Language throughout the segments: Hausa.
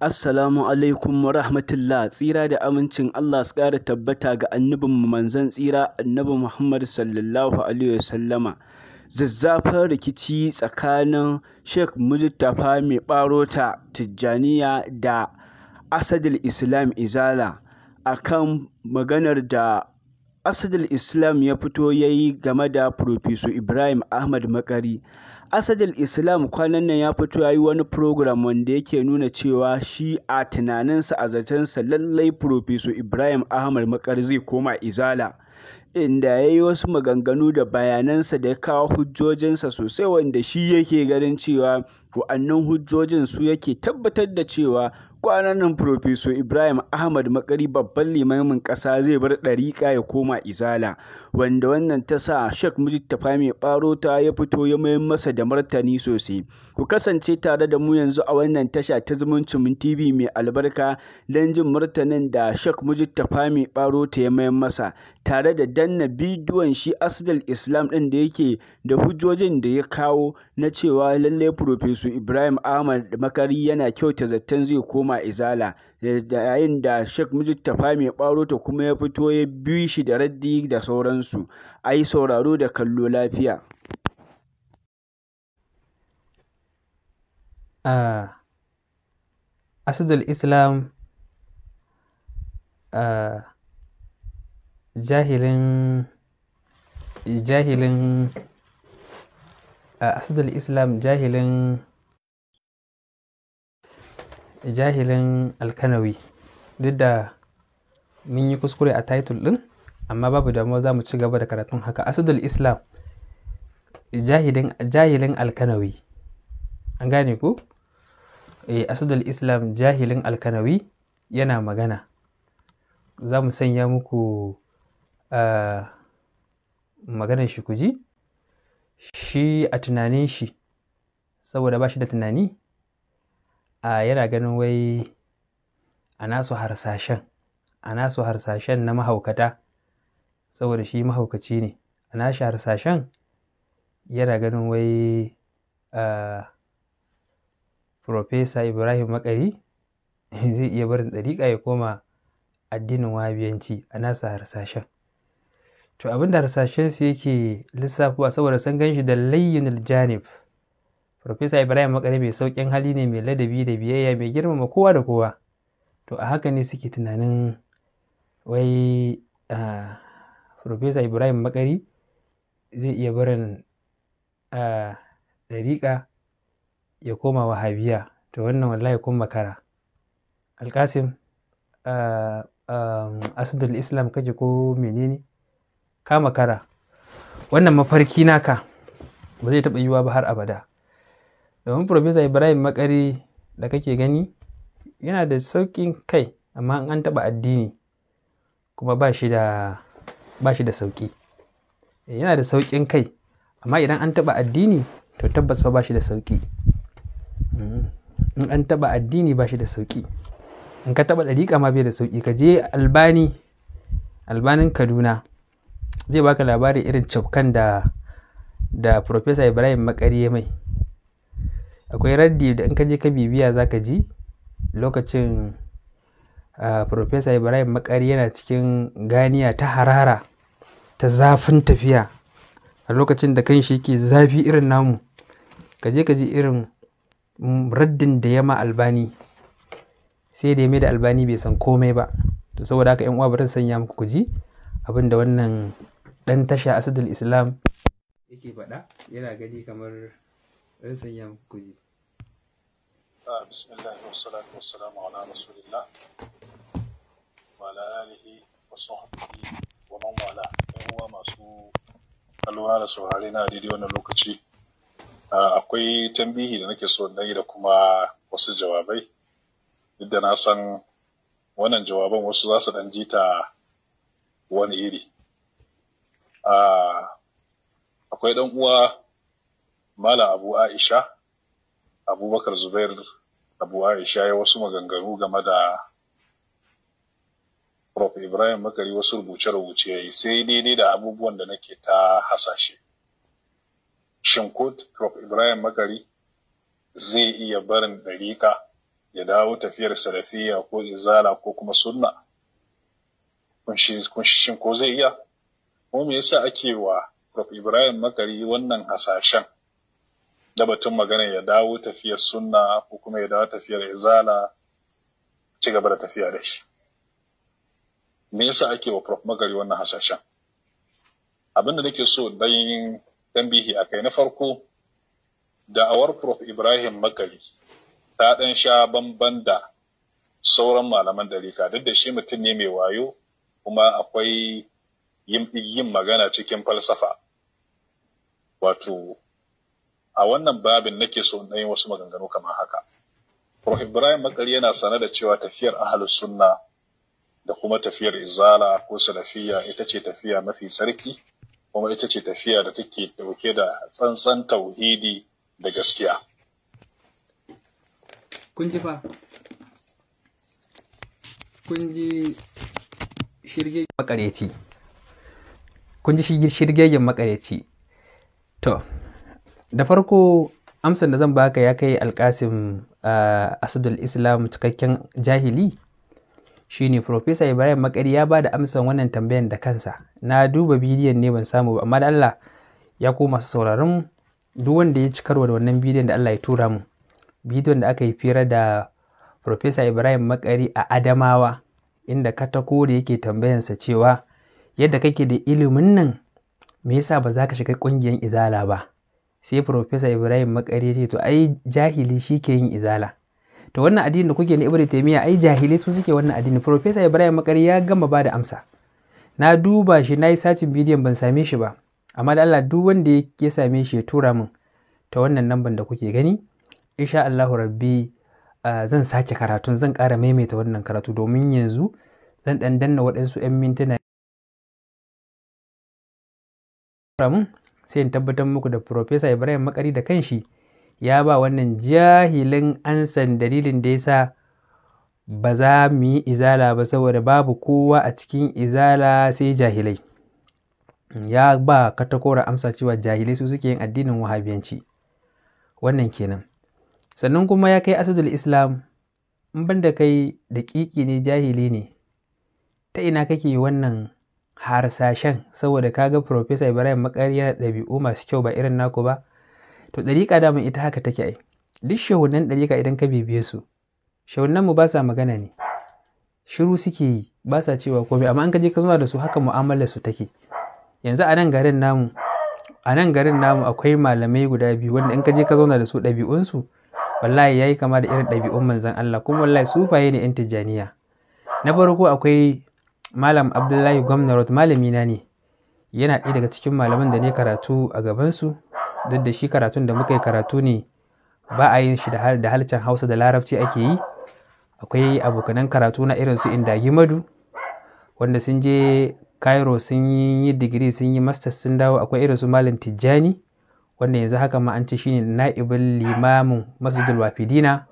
Assalamu alaikum wa rahmatullah tsira da amincin Allah su ƙara tabbata ga annabin manzan tsira annabi Muhammad sallallahu alaihi wasallama zazzafar rikici tsakanin Sheikh Mujtafa mai ɓarota Tijjaniya da Asadul Islam Izala akan maganar da Asadul Islam ya fito yayi game da Profesor Ibrahim Ahmad Makari Asadul Islam kwanan nan ya fito ya yi wani program wanda yake nuna cewa shi a tunaninsa a zacensa lallai Furofeso Ibrahim Ahmad makar zai koma Izala, inda ya yi wasu maganganu da bayanansa da ya kawo hujjojinsa sosai wanda shi yake ganin cewa wa'annan hujjojin su yake tabbatar da cewa Kwanan nan Profesor Ibrahim Ahmad Makari babban limamin ƙasa zai bar ɗariƙa ya koma Izala, wanda wannan ta sa Sheikh Mujib Tafami ta ya fito ya mayar masa da martani sosai. Ku kasance tare da mu yanzu a wannan tasha ta zumuncin TV mai albarka don jin martanin da Sheikh Mujib Tafami baro ta yi mayan masa tare da danna bidiyon shi Asdal Islam ɗin da yake da hujjojin da ya kawo na cewa lallai Professor Ibrahim Ahmad Makari yana kyauta zaton zai koma Izala yayin da Sheikh Mujib Tafami baro ta kuma ya fito ya bi shi da raddi da sauransu. Ai sauraro da kallo lafiya. a asadul islam uh, jahilin jahilin uh, asadul islam jahilin jahilin alkanawi duk da mun yi kuskure a title din amma babu damuwa za mu ci gaba da karatun haka asadul islam jahilin alkanawi an gane ku eh, asadul islam jahilin alkanawi yana magana za mu sanya muku ah, maganar shi kuji shi a tunanin shi saboda ba shi da tunani a yana ganin wai a nasu harsashen a nasu harsashen na mahaukata saboda shi mahaukaci ne a nashi harsashen yana ganin wai ah, Profesa Ibrahim Makari zai iya barin ɗariƙa ya koma addinin wabiyanci a nasa harsashen. To abin da harsashen su yake lissafuwa saboda san ganshi da layyin janib. Profesa Ibrahim Makari mai sauƙin hali ne mai ladabi da biyayya mai girmama kowa da kowa. To a haka ne suke tunanin wai Profesa Ibrahim Makari zai iya barin ɗariƙa ya koma wahabiya to wannan wallahi kun makara alkasim asadul islam kake ko menene ka makara wannan mafarki naka ba zai taɓa yiwuwa ba har abada domin profesa ibrahim makari da kake gani yana da sauƙin kai amma an taɓa addini kuma ba shi da sauƙi eh, yana da sauƙin kai amma idan an taɓa addini to tabbas fa ba shi da sauƙi in an taba addini ba shi da sauki in ka taba ɗariƙa ma bai da sauki ka je albani albanin kaduna zai baka labarin irin cafkan da da Profesa Ibrahim Makari mai akwai raddi da in ka je ka bibiya za ka ji lokacin ah, Profesa Ibrahim Makari yana cikin ganiya ta harara ta zafin tafiya a lokacin da kan shi ke zafi irin namu ka je ka ji irin raddin da ya ma albani sai da ya mai da albani bai san komai ba to saboda haka yan uwa bari sanya muku kuji abin da wannan dan tasha asadul islam yake faɗa yana gani kamar bari sanya muku kuji ah, bismillah wa salatu wa salamu ala rasulillah wa ala alihi wa sahbihi wa man wala yan uwa masu kalwa da saurare na daidai wannan lokaci Ah, akwai tambihi da nake so na yi da kuma wasu jawabai Idan na san wannan jawaban wasu za su dan ji ta wani iri ah, akwai ɗan uwa mala abu aisha abubakar zubair abu aisha ya wasu maganganu game da prof ibrahim makari wasu rubuce-rubuce sai daidai da abubuwan da nake ta hasashe shin ko Prof Ibrahim Makari zai iya barin ɗariƙa ya dawo tafiyar salafiya ko izala ko kuma sunna shin ko zai iya ko me yasa ake wa Prof Ibrahim Makari wannan hasashen da batun magana ya dawo tafiyar sunna ko kuma ya dawo tafiyar izala ci gaba da tafiya da shi me yasa ake wa Prof Magari wannan hasashen Abinda da nake so dan tambihi a kai na farko da'awar prof ibrahim makari ta ɗan sha bamban da sauran malaman ɗarika duk da shi mutum ne mai wayo kuma akwai yin magana cikin falsafa wato a wannan babin nake so na yi wasu maganganu kamar haka prof ibrahim makari yana sane da cewa tafiyar ahalus sunna da kuma tafiyar izala ko salafiya ita ce tafiya mafi sarki kuma ita ce tafiya da take dauke da tsantsan tauhidi da gaskiya kun ji ba? kun ji shirge makareci kun ji shirgegen makareci to da farko amsar da zan baka ya kai alƙasim a ah, asadul islam cikakken jahili shine Profesa Ibrahim Makari ya bada amsan wannan tambayan da kansa. Na duba bidiyon ne ban samu ba, amma da Allah ya koma su sauraron duk wanda ya ci karwa da wannan bidiyon da Allah ya tura mu. Bidiyon da aka yi fira da Profesa Ibrahim Makari a Adamawa, inda katako da yake tambayansa cewa yadda kake da ilimin nan me yasa ba za ka shiga ƙungiyar izala ba. Sai Profesa Ibrahim Makari ya ce to ai jahili shi ke yin izala. da wannan addinin da kuke na ibnu taymiya ai jahilai su suke wannan addini professor ibrahim makari ya gama ba da amsa na duba shi na yi sacin bidiyon ban same shi ba amma da Allah duk wanda ya same shi ya tura min ta wannan namban da kuke gani insha Allahu rabbi zan sake karatun zan ƙara maimaita wannan karatu domin yanzu zan dan danna waɗansu 'yan mintuna sai in tabbatar muku da Profesa Ibrahim Makari da kanshi ya ba wannan jahilin ansan dalilin da yasa sa ba za mu yi izala ba saboda babu kowa a cikin izala sai jahilai ya ba katakora amsa cewa jahilai su suke yin addinin wahabiyanci wannan kenan sannan kuma ya kai asadul islam in ban da kai daƙiƙi ne jahili ne ta ina kake wannan harsashen saboda ka ga Profesa Ibrahim Makari ɗabi'u masu kyau ba irin naku ba to ɗariƙa daman ita haka take ai duk shahunan ɗariƙa idan ka bibiye su shahunan mu ba sa magana ne shiru suke yi ba sa cewa komai amma an ka je ka zauna da su haka mu'amalar su take yanzu a nan garin namu a nan garin namu akwai malamai guda biyu wanda in ka je ka zauna da su ɗabi'unsu wallahi yayi kama da irin ɗabi'un manzan: Allah kuma wallahi faye ne yan tijjaniya na farko akwai malam Abdullahi Gwamna malami na ne yana ɗaya daga cikin malaman da ne karatu a gabansu duk da shi karatun da muka yi karatu ne ba a yin shi da halcin hausa da larabci ake yi akwai abokanan karatu na irin su inda gimadu wanda sun je cairo sun yi digiri sun yi masters sun dawo akwai irin su malam tijjani wanda yanzu haka ma an ce shine na'ibin limamin masjidul wafidina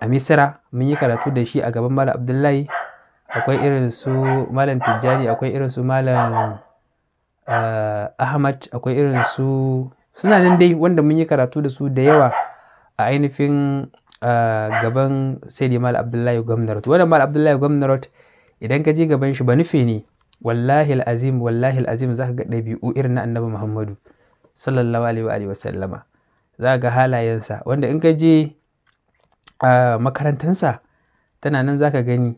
a misira mun yi karatu da shi a gaban malam abdullahi akwai irin su malam tijjani akwai irin su malam eh, ahmad akwai irin su suna nan dai wanda mun yi karatu da su da yawa a ainihin gaban sai mal abdullahi Gwamnati. wannan mal abdullahi Gwamnati, idan ka je gaban shi ba nufi ne wallahi azim wallahi azim za ka ga ɗabi'u irin na annabi muhammadu sallallahu alaihi wa sallama za ga halayensa wanda in ka je makarantansa tana nan za ka gani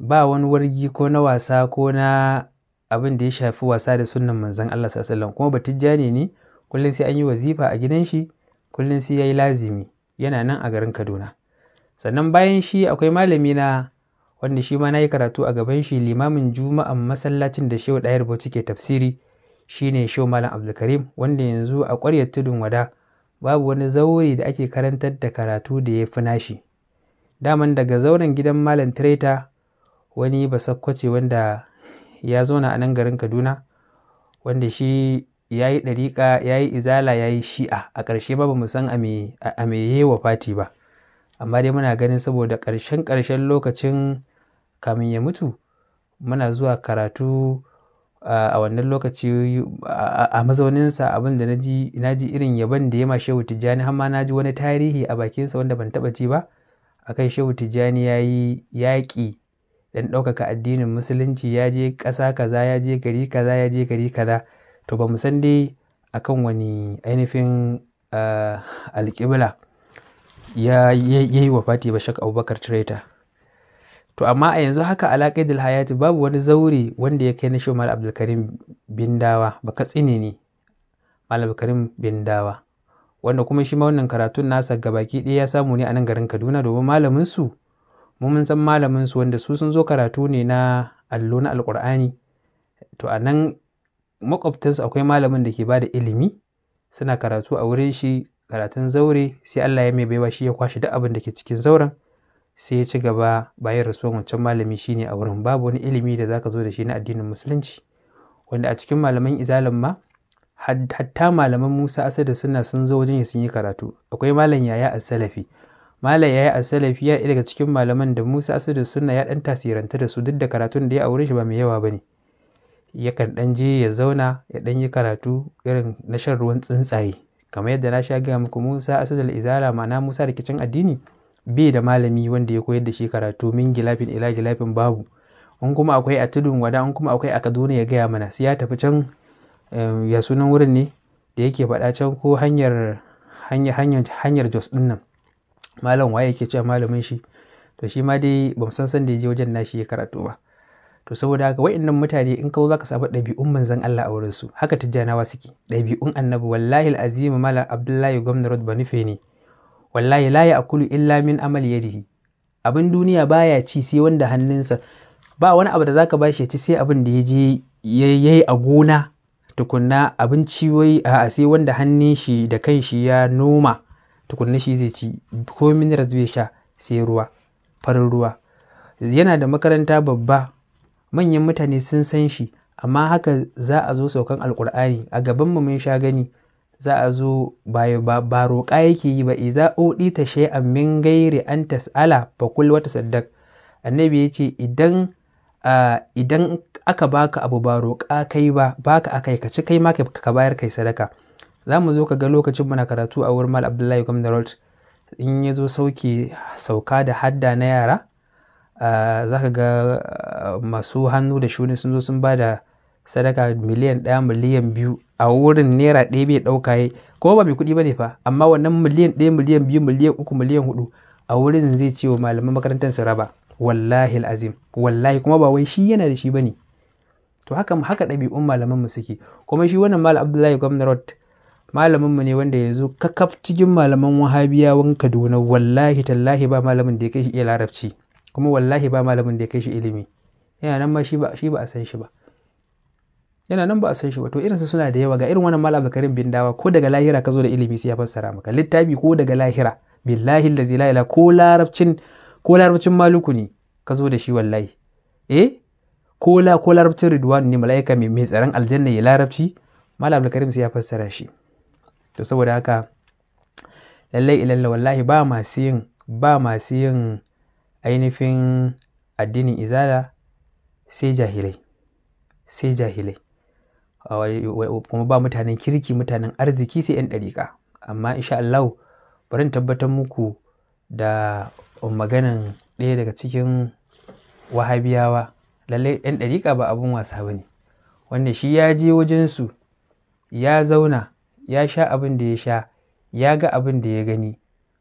ba wani wargi ko na wasa ko na abin da ya shafi wasa da sunan manzon allah sallallahu alaihi kuma batijjani ne kullum sai an yi wazifa a gidan shi kullum sai yayi lazimi yana nan a garin kaduna sannan bayan shi akwai malami na wanda shi ma na yi karatu a gaban shi limamin juma'an masallacin da shehu ɗayar bauchi ke tafsiri shine shehu malam abdulkarim wanda yanzu a ƙwaryar tudun wada babu wani zaure da ake karantar da karatu da ya fi nashi daman daga zauren gidan malam tireta wani basakkwace wanda ya zauna a nan garin kaduna wanda shi ya yi ɗariƙa ya yi izala ya yi shi'a a ƙarshe ba mu san a me yi wa fati ba amma dai muna ganin saboda ƙarshen ƙarshen lokacin kamin ya mutu muna zuwa karatu a wannan lokaci a mazauninsa abin na ji irin yaban da ya ma shehu tijjani har ma na ji wani tarihi a bakinsa wanda ban taɓa ji ba akan shehu tijjani ya yi yaƙi don ɗaukaka addinin musulunci ya je ƙasa kaza ya je gari kaza ya je gari kaza to ba mu san dai akan wani ainihin eh, alƙibla ya yi wa fati ba shak abubakar tireta to amma a yanzu haka alaƙaidul hayati babu wani zaure wanda ya kai na shi mal abdulkarim bin dawa ba katsine ne mal abdulkarim bin dawa wanda kuma shi wannan karatun nasa ga baki ɗaya ya samu ne a nan garin kaduna domin malamin su mun san malamin wanda su sun zo karatu ne na allo na alƙur'ani to a nan makwabtansu akwai malamin da ke ba da ilimi suna karatu a wurin shi karatun zaure sai Allah ya mai baiwa shi ya kwashe duk abin da ke cikin zauren sai ya ci gaba bayan rasuwan wancan malami shine a wurin babu wani ilimi da zaka zo da shi na addinin musulunci wanda a cikin malaman izalan ma hatta malaman Musa Asadu suna sun zo wajen sun yi karatu akwai malam yaya as-salafi malam yaya as-salafi ya daga cikin malaman da Musa Asadu suna ya dan tasiranta da su duk da karatun da ya a wurin shi ba mai yawa bane yakan ɗan je ya zauna ya ɗan yi karatu irin na shan ruwan tsuntsaye kamar yadda na sha gaya muku Musa Asadul Izala ma'ana Musa rikicin addini bai da malami wanda ya koyar da shi karatu min gilafin ila gilafin babu in kuma akwai a tudun wada in kuma akwai a Kaduna ya gaya mana sai ya tafi can eh, ya sunan wurin ne da yake faɗa can ko hanyar hanyar hanyar Jos ɗin nan malam waye yake cewa malamin shi to shi ma dai bamu san san da ya je wajen na shi ya karatu ba to saboda haka wa'annan mutane in kawo zaka samu ɗabi'un manzan Allah a wurin su haka tijjanawa suke ɗabi'un annabi wallahi alazim mala abdullahi gwamna rod banife ne wallahi la ya'kulu illa min amal yadihi abin duniya baya ci sai wanda hannunsa ba wani abu da zaka bashi ya ci sai abin da ya je yayi a gona tukunna abin ciwoyi a sai wanda hannun shi da kan shi ya noma tukunna shi zai ci ko minerals sha sai ruwa farin ruwa yana da makaranta babba manyan mutane sun san shi amma haka za a zo saukan alkur'ani a gaban mu mun sha gani za a zo ba roƙa yake yi ba iza oɗi ta shay'an min gairi an tas'ala fa kul wata saddaq annabi ya ce idan idan aka baka abu ba roƙa kai ba baka akai ka ci kai ma ka bayar kai sadaka za mu zo ka ga lokacin muna karatu a wurin mal abdullahi gwamna in ya zo sauke sauka da hadda na yara Eh, za ka ga eh, masu hannu da shuni sun zo sun ba da sadaka miliyan ɗaya miliyan biyu a wurin naira ɗaya bai ɗauka yi ko ba mai kuɗi ba ne fa amma wannan miliyan ɗaya miliyan biyu miliyan uku miliyan hudu a wurin zai ce wa malaman makarantar su raba wallahi azim wallahi kuma ba wai shi yana da shi ba ne to haka haka ɗabi'un malaman mu suke kuma shi wannan malam abdullahi gwamnarot malamin mu ne wanda yanzu zo kakaf cikin malaman wahabiyawan kaduna wallahi tallahi ba malamin da ya kai shi iya larabci kuma wallahi ba malamin da ya kai shi ilimi yana nan ma shi ba a san shi ba yana nan ba a san shi ba to irinsu suna da yawa ga irin wannan malam Abdulkarim bin Dawa ko daga lahira ka zo da ilimi sai ya fassara maka littafi ko daga lahira billahi allazi la ilaha ko larabcin ko larabcin maluku ne ka zo da shi wallahi eh ko la ko larabcin ridwan ne mala'ika mai mai tsaron aljanna ya larabci malam Abdulkarim sai ya fassara shi to saboda haka lallai ilalla wallahi ba masu yin ba masu yin ainihin addinin izala sai jahilai sai jahilai kuma ba mutanen kirki mutanen arziki sai 'yan ɗariƙa amma insha Allah bari in tabbatar muku da maganan ɗaya daga cikin wahabiyawa lallai 'yan ɗariƙa ba abin wasa ba ne wanda shi ya je wajensu ya zauna ya sha abin da ya sha ya ga abin da ya gani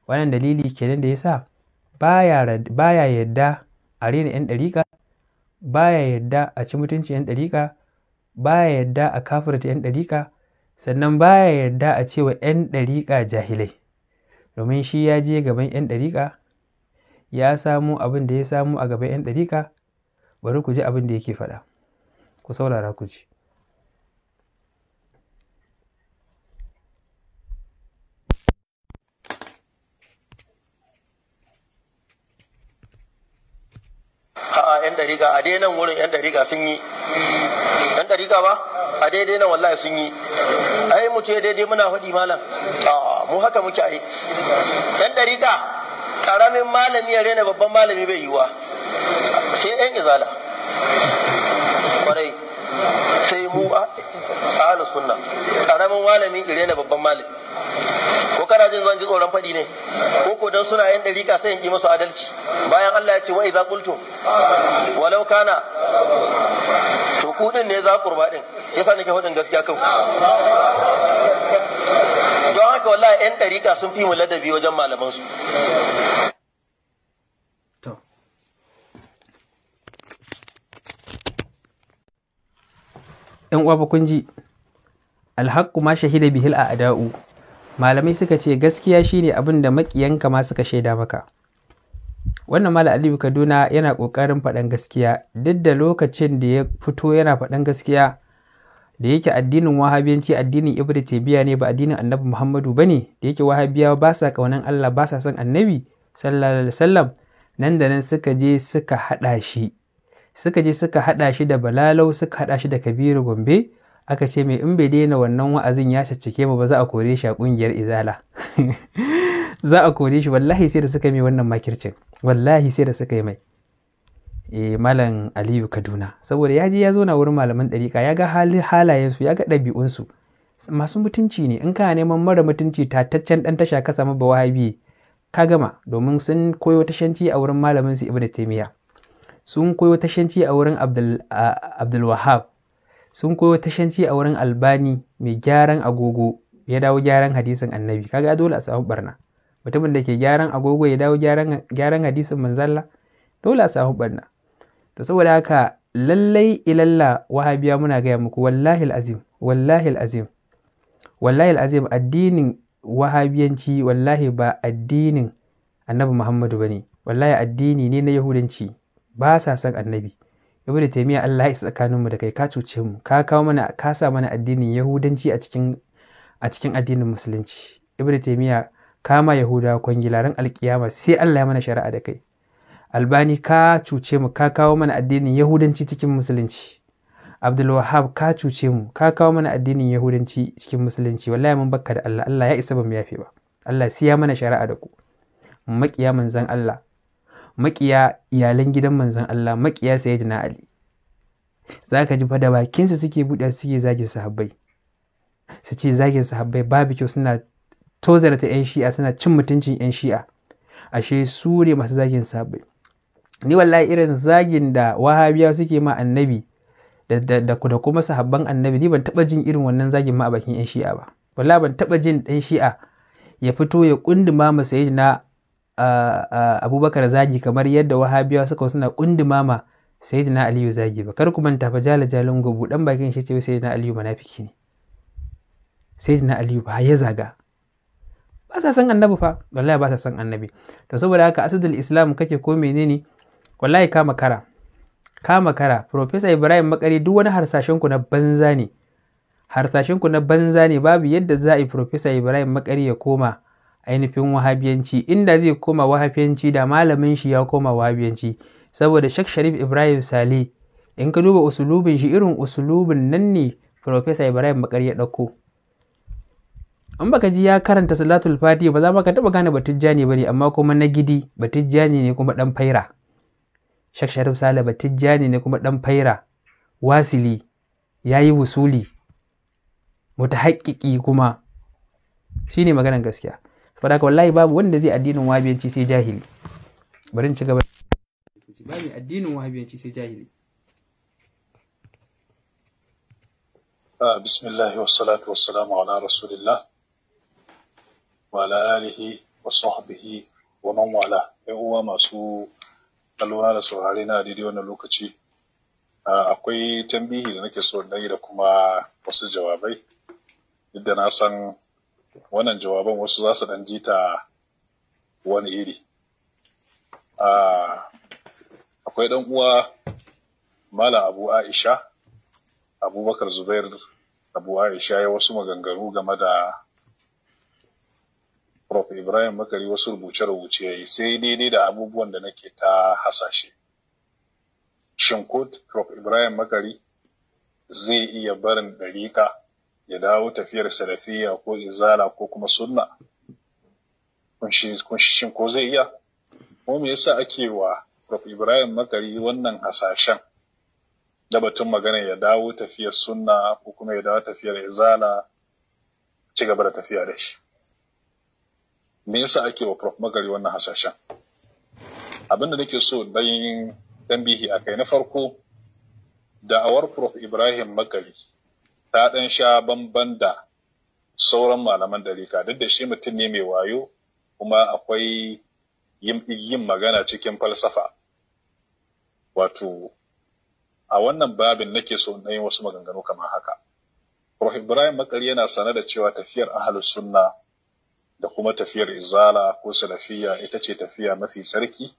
wannan dalili kenan da ya sa Ba ya yadda a rena 'yan ɗariƙa, ya yadda a ci mutunci 'yan ɗariƙa, ya yadda a kafirta 'yan ɗariƙa, sannan ba ya yadda a ce wa 'yan ɗariƙa jahilai. Domin shi ya je gaban 'yan ɗariƙa, ya samu abin da ya samu a gaban 'yan ɗariƙa, bari ku ji abin da yake faɗa, ku saurara ku ji. yan dariga a daidai nan wurin yan dariga sun yi yan dariga ba a daidai nan wallahi sun yi ai mu ce daidai muna faɗi malam a mu haka muke ai yan dariga karamin malami ya rena babban malami bai yiwa sai yan izala sai mu ahlu sunna karamin malami na babban malami ko kana jin zan ji tsoron fadi ne ko ko dan suna yan dariƙa sai in yi musu adalci bayan Allah ya ce wa idza qultu walau kana to ku din ne za kurba din yasa nake hudin gaskiya kan don haka wallahi yan dariƙa sun fi mu ladabi wajen malaman su yan uwa kun ji alhaqqu ma shahida bihil a ada'u malamai suka ce gaskiya shine abin da makiyanka ma suka shaida maka wannan mala aliyu kaduna yana kokarin faɗan gaskiya duk da lokacin da ya fito yana faɗan gaskiya da yake addinin wahabiyanci addinin ibnu taymiya ne ba addinin annabi muhammadu ba ne. da yake wahabiya ba sa kaunan allah ba sa son annabi sallallahu alaihi wasallam nan da nan suka je suka haɗa shi suka je suka haɗa shi da balalau suka haɗa shi da kabiru gombe aka ce mai in bai daina wannan wa'azin ya caccake mu ba za a kore shi a ƙungiyar izala za a kore shi wallahi sai da suka yi wannan makircin wallahi sai da suka yi mai e malam aliyu kaduna saboda ya je ya zo na wurin malaman ɗariƙa ya ga su ya ga ɗabi'un su masu mutunci ne in kana neman mara mutunci tataccen ɗan tasha ka samu bawahabi ka gama domin sun koyo tashanci a wurin malamin su ibnu taymiya sun koyo tashanci a wurin abdulwahab sun koyo tashanci a wurin albani mai gyaran agogo ya dawo gyaran hadisin annabi kaga dole a samu barna mutumin da ke gyaran agogo ya dawo gyaran hadisin manzalla dole a samu barna to saboda haka lallai ilalla wahabiya muna gaya muku wallahi azim wallahi azim wallahi azim addinin wahabiyanci wallahi ba addinin annabi muhammadu bane wallahi addini ne na yahudanci ba sa son annabi ibn taymiya Allah ya isa tsakanin mu da kai ka cuce mu ka kawo mana ka sa mana addinin yahudanci a cikin a cikin addinin musulunci ibn taymiya kama yahuda kwangilaran alkiyama sai Allah ya mana shari'a da kai albani ka cuce mu ka kawo mana addinin yahudanci cikin musulunci abdulwahab ka cuce mu ka kawo mana addinin yahudanci cikin musulunci wallahi mun bakka da Allah Allah ya isa ba mu yafe ba Allah sai ya mana shari'a da ku Mu makiya manzon Allah maƙiya iyalan gidan manzon Allah maƙiya sayyidina Ali za ka ji fa da bakinsa suke buɗe suke zagin sahabbai su ce zagin sahabbai babu kyau suna tozarta 'yan shi'a suna cin mutuncin 'yan shi'a ashe su ne masu zagin sahabbai ni wallahi irin zagin da wahabiya suke ma annabi da kuma sahabban annabi ni ban taɓa jin irin wannan zagin ma a bakin 'yan shi'a ba wallahi ban taɓa jin 'yan shi'a ya fito ya kunduma masa na abubakar zagi kamar yadda wahabiyawa suka suna kundumama sayyidina aliyu zagi ba kar ku manta fa jala jalin gobu dan bakin shi ce sai sayyidina aliyu munafiki ne sayyidina aliyu ba ya zaga ba sa san annabi fa wallahi ba sa san annabi to saboda haka asudul islam kake ko menene wallahi kama kara kama kara professor ibrahim makari duk wani harsashen ku na banza ne harsashen ku na banza ne babu yadda za a yi professor ibrahim makari ya koma ainihin wahabiyanci inda zai koma wahabiyanci da malamin shi ya koma wahabiyanci saboda Sheikh Sharif Ibrahim Sale in ka duba usulubin shi irin usulubin nan ne Professor Ibrahim Bakar ya dauko an baka ji ya karanta salatul fati ba za ka taba gane batijjani bane amma kuma na gidi batijjani ne kuma dan faira shak sharif sale batijjani ne kuma dan faira wasili yayi wusuli mutahaqqiqi kuma shine maganar gaskiya saboda wallahi babu wanda zai addinin wahabiyanci sai jahili bari in ci gaba babu addinin wahabiyanci sai jahili ah, wa salamu ala rasulillah wa ala alihi wa sahbihi wa man wala ‘yan uwa masu kallona da saurare na daidai wannan lokaci ah, akwai tambihi da nake so na yi da kuma wasu jawabai duk da na san wannan jawaban wasu za su dan jita wani iri akwai ɗan uwa mala abu aisha abubakar zubair abu aisha ya wasu maganganu game da prof ibrahim makari wasu rubuce-rubuce ya yi sai daidai da abubuwan da nake ta hasashe shin ko prof ibrahim makari zai iya barin ɗarika ya dawo tafiyar salafiya ko izala ko kuma sunna kunshin ko zai iya ko me yasa ake wa prof ibrahim makari wannan hasashen da batun magana ya dawo tafiyar sunna ko kuma ya dawo tafiyar izala ci gaba da tafiya da shi me yasa ake wa prof magari wannan hasashen abinda nake so dan tambihi a na farko da'awar prof ibrahim magari ta ɗan sha bamban da sauran malaman ɗarika duk da shi mutum ne mai wayo kuma akwai yin magana cikin falsafa wato a wannan babin nake so na yi wasu maganganu kamar haka Prof Ibrahim Makari yana sane da cewa tafiyar ahalus sunna da kuma tafiyar izala ko salafiya ita ce tafiya mafi sarki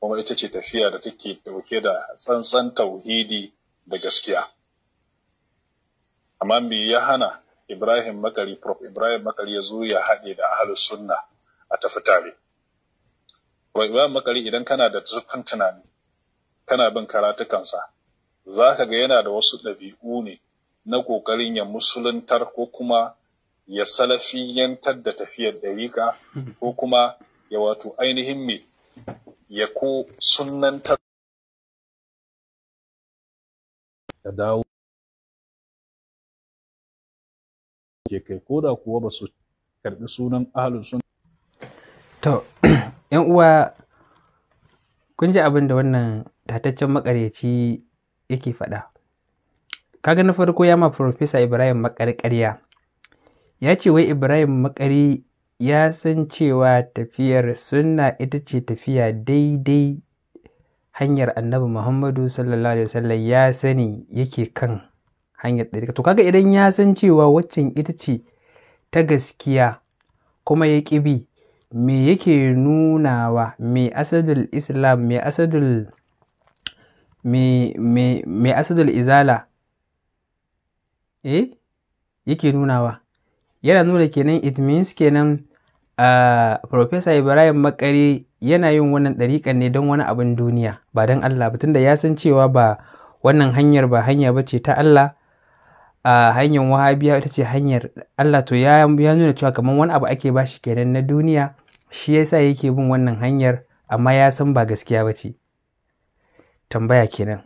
kuma ita ce tafiya da take dauke da tsantsan tauhidi da gaskiya amma me ya hana Ibrahim Makari Prof Ibrahim Makari ya zo ya haɗe da ahlus sunna a tafi tare Prof Ibrahim Makari idan kana da zurfin tunani kana bin karatukansa za ka ga yana da wasu ɗabi'u ne na ƙoƙarin ya musuluntar ko kuma ya salafiyantar da tafiyar ɗariƙa ko kuma ya wato ainihin me ya ko sunantar ya dawo suke kai ko da kuwa ba su karɓi sunan ahalin sun to yan uwa kun ji abin da wannan tataccen makaryaci yake faɗa ka na farko ya ma Profesa Ibrahim makarƙarya ya ce wai Ibrahim makari ya san cewa tafiyar sunna ita ce tafiya daidai hanyar annabi Muhammadu sallallahu alaihi wasallam ya sani yake kan hanyar ɗariƙa to kaga idan ya san cewa waccan ita ce ta gaskiya kuma ya ƙi bi me yake nunawa me asadul islam me asadul izala eh yake nunawa yana nuna kenan it means kenan uh, Profesa Ibrahim makare yana yin wannan ɗariƙar ne don wani abin duniya ba don Allah ba tunda ya san cewa ba wannan hanyar ba hanya ba ce ta Allah a hanyar wahabiya ita ce hanyar Allah to ya nuna cewa kamar wani abu ake bashi kenan na duniya shi yasa yake bin wannan hanyar amma ya san ba gaskiya ba ce tambaya kenan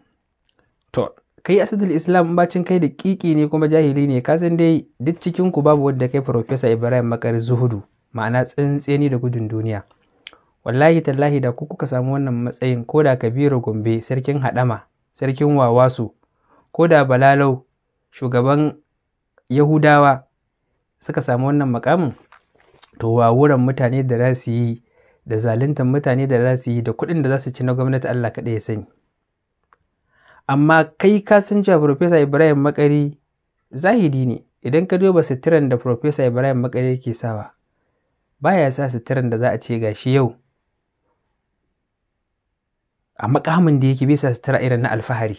to kai asadul islam bacin kai da kiki ne kuma jahili ne ka san dai duk cikin ku babu wanda kai Profesa ibrahim makar zuhudu ma'ana tsintseni da gudun duniya wallahi tallahi da ku kuka samu wannan matsayin ko da kabiru gombe sarkin hadama sarkin wawasu ko da balalau shugaban yahudawa suka samu wannan makamin to wuran mutane da za su yi da zaluntar mutane da za su yi da kuɗin da za su ci na gwamnati Allah kaɗai ya sani amma kai ka san cewa Profesa Ibrahim Makari zahidi ne idan ka duba sitiran da Profesa Ibrahim Makari yake sawa baya sa sitiran da za a ce gashi yau a makamin da yake bisa sitira irin na alfahari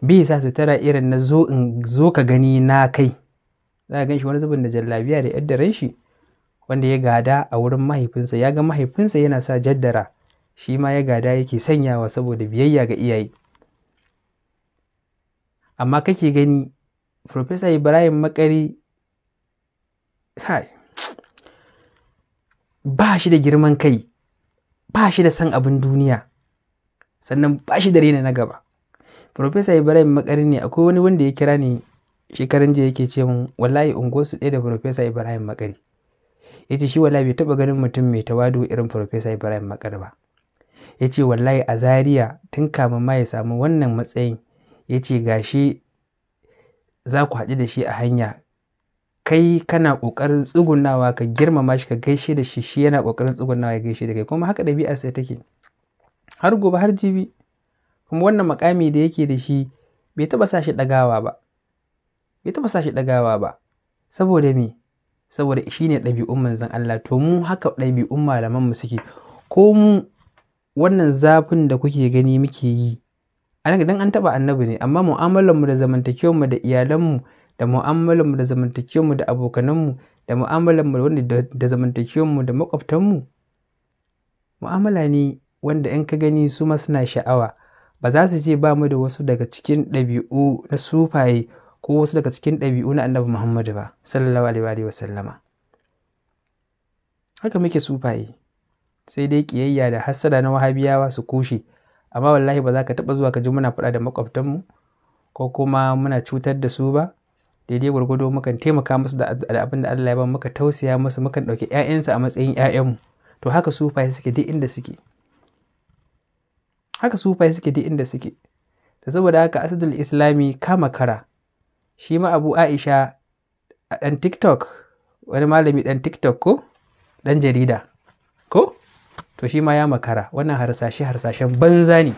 bai sa sutura irin na zo in zo ka gani na kai za ka shi wani zubin da jallabiya da yaddaren shi wanda ya gada a wurin mahaifinsa ya ga mahaifinsa yana sa jaddara shi ma ya gada yake sanyawa saboda biyayya ga iyaye amma kake gani Profesa Ibrahim Makari ba shi da girman kai ba shi da san abin duniya sannan ba shi da rena na gaba Profesa Ibrahim Makari ne akwai wani wanda ya kira ni shekaran jiya yake ce min wallahi unguwarsu ɗaya da Profesa Ibrahim Makari. Ya ce shi wallahi bai taɓa ganin mutum mai tawadu irin Profesa Ibrahim Makari ba. Ya ce wallahi a Zaria tun kamin ma ya samu wannan matsayin ya ce gashi za ku haɗu da shi a hanya kai kana ƙoƙarin tsugunawa ka girmama shi ka gaishe da shi shi yana ƙoƙarin tsugunawa ya gaishe da kai kuma haka ɗabi'a sai take har gobe har jibi kuma wannan makami da yake da shi bai taɓa sa shi ɗagawa ba bai taɓa sa shi ɗagawa ba saboda me saboda shi ne ɗabi'un manzon Allah to mu haka ɗabi'un malaman mu suke ko mu wannan zafin da kuke gani muke yi dan an taɓa annabi ne amma mu'amalar mu da zamantakewar mu da iyalan mu da mu'amalar mu da zamantakewar mu da abokanan mu da mu'amalar mu da da zamantakewar mu da makwabtan mu mu'amala ne wanda in ka gani su ma suna sha'awa ba za su je ba mu da wasu daga cikin ɗabi'u na sufaye ko wasu daga cikin ɗabi'u na annabi muhammadu ba sallallahu alaihi wa sallama haka muke sufaye sai dai ƙiyayya da hassada na wahabiyawa su kushe amma wallahi ba za ka taɓa zuwa ka ji muna faɗa da maƙwabtanmu ko kuma muna cutar da su ba daidai gwargwado mukan taimaka musu da abin da Allah ya ba muka tausaya musu mukan ɗauki 'ya'yansu a matsayin 'ya'yanmu to haka sufaye suke duk inda suke haka su sufai suke duk inda suke da saboda haka asadul islami kama kara shi ma abu aisha a dan tiktok wani malami ɗan tiktok ko dan jarida ko to shi ma ya makara wannan harsashe harsashen banza ne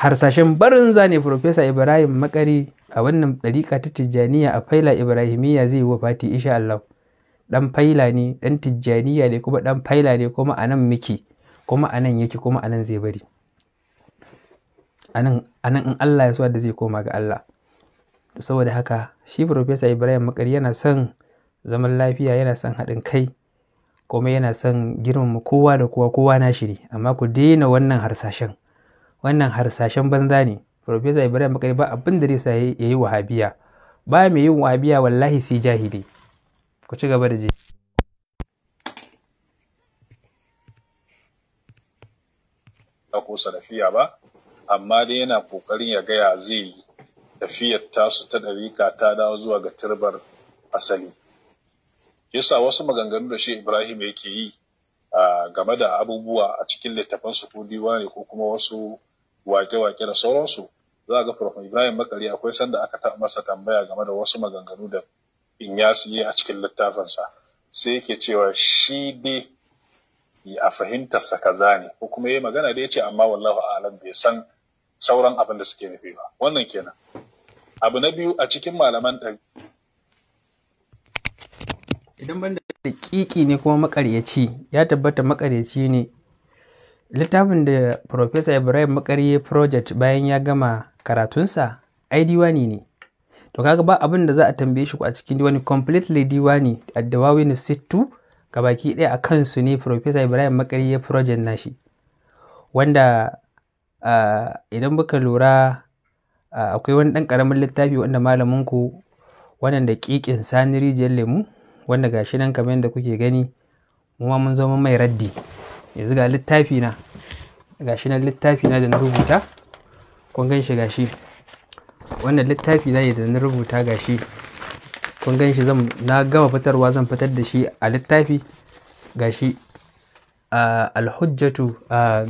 harsashen banza ne Profesa ibrahim makari a wannan ɗariƙa ta tijjaniya a faila ibrahimiyya zai yi wa fati isha allah dan faila ne dan tijjaniya ne kuma dan faila ne kuma anan miki kuma anan yake kuma anan zai bari A nan in Allah ya so da zai koma ga Allah saboda haka shi Profesa Ibrahim Makari yana son zaman lafiya yana son haɗin kai kuma yana son girmama kowa da kowa kowa na shiri amma ku daina wannan harsashen wannan harsashen banza ne Profesa Ibrahim Makari ba abin da zai sa ya yi wahabiya ba mai yin wahabiya wallahi sai jahili ku ci gaba da je ko salafiya ba amma dai yana kokarin ya gaya zai yi tafiyar tasu ta ɗarika ta dawo zuwa ga turbar asali yasa wasu maganganu da shi ibrahim yake yi game da abubuwa a cikin littafan su ko ne ko kuma wasu wake-wake da sauransu za ga Prof. Ibrahim Bakari akwai sanda aka taɓa masa tambaya game da wasu maganganu da in ya yi a cikin littafinsa sai yake cewa shi dai a fahimtarsa kaza ne ko kuma yi magana da ya ce amma wallahu alam bai san sauran abin da suke nufi ba wannan kenan abu na biyu a cikin malaman ɗari idan ban da kiki ne kuma maƙaryaci, ya tabbata makaryaci ne littafin da Profesa ibrahim makarye project bayan ya gama karatunsa ai diwani ne to kaga ba abin da za a tambaye shi a cikin diwani completely diwani addawawi na sittu baki ɗaya a kansu ne Profesa ibrahim makarye project nashi wanda idan muka lura akwai wani ɗan ƙaramin littafi wanda malaminku wannan da ƙiƙin sani rijiyar lemu wanda ga shi nan kamar yadda kuke gani mu ma mun zama mai raddi yanzu ga littafi na ga shi nan littafi na da na rubuta kun gan shi ga shi wannan littafi na da na rubuta ga shi kun gan shi na gama fitarwa zan fitar da shi a littafi ga shi alhujjatu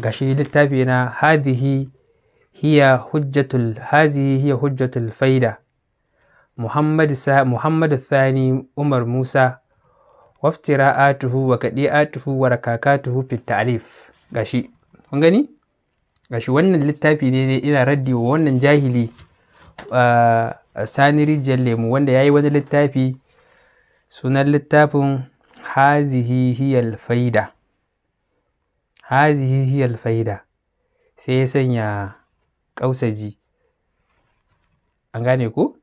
gashi littafi na hadhihi hiya hujjatul hazihi hiya hujjatul faida muhammad sa muhammad thani umar musa waftira'atuhu wa kadi'atuhu wa rakakatuhu fit ta'lif gashi kun gani gashi wannan littafi ne ina raddi wa wannan jahili sani rijiyar lemu wanda ya yi wani littafi sunan littafin hazihi hiyal faida hazihi hiyal faida sai ya sanya kausaji an gane ku?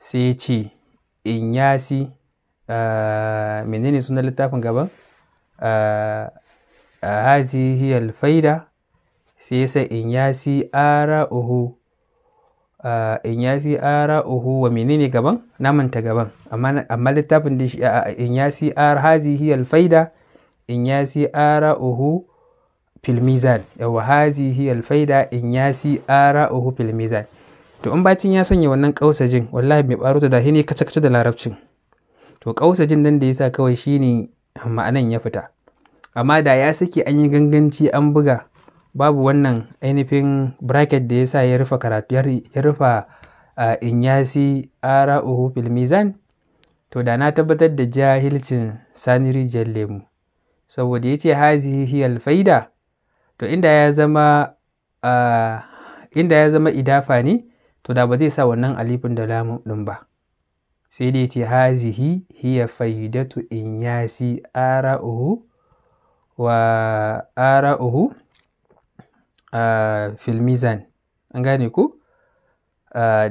sai ya ce in yasi eh, menene sunan littafin gaban eh, eh, hazihi sai ya sai in yasi ara uhu in yasi ara uhu wa menene gaban namanta gaban amma littafin da in yasi ara hazihi faida in yasi ara'uhu fil mizan yawa hazihi alfaida in si ara uhu filmizan to in bacin ya sanya wannan kausajin wallahi mai baro da ne kace kace da larabcin to kausajin nan da yasa kawai shine ma'anan ya fita amma da ya saki an yi ganganci an buga babu wannan ainihin bracket da yasa ya rufa karatu ya rufa in si ara uhu filmizan to da na tabbatar da jahilcin saniri rijiyar lemu saboda ya ce hazihi hiya faida to inda ya zama inda ya zama idafa ne to da ba zai sa wannan alifin da lamun ɗin ba sai dai ce hazihi hiya faidatu in yasi ara'uhu wa ara'uhu fil mizan an gane ku